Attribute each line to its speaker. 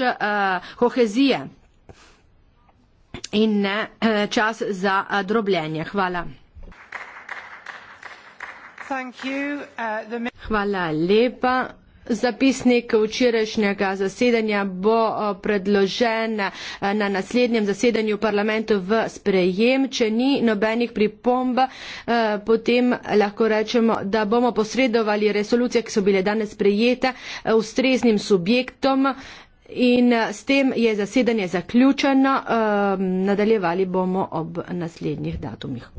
Speaker 1: Eh, kohezije in ne eh, čas za eh, drobljenje. Hvala. Uh, Hvala lepa. Zapisnik včerajšnjega zasedanja bo predložen na naslednjem zasedanju parlamentu v sprejem. Če ni nobenih pripomb, potem lahko rečemo, da bomo posredovali resolucije, ki so bile danes sprejete, ustreznim subjektom. In eh, s tem je zasedanje zaključeno, eh, nadaljevali bomo ob naslednjih datumih.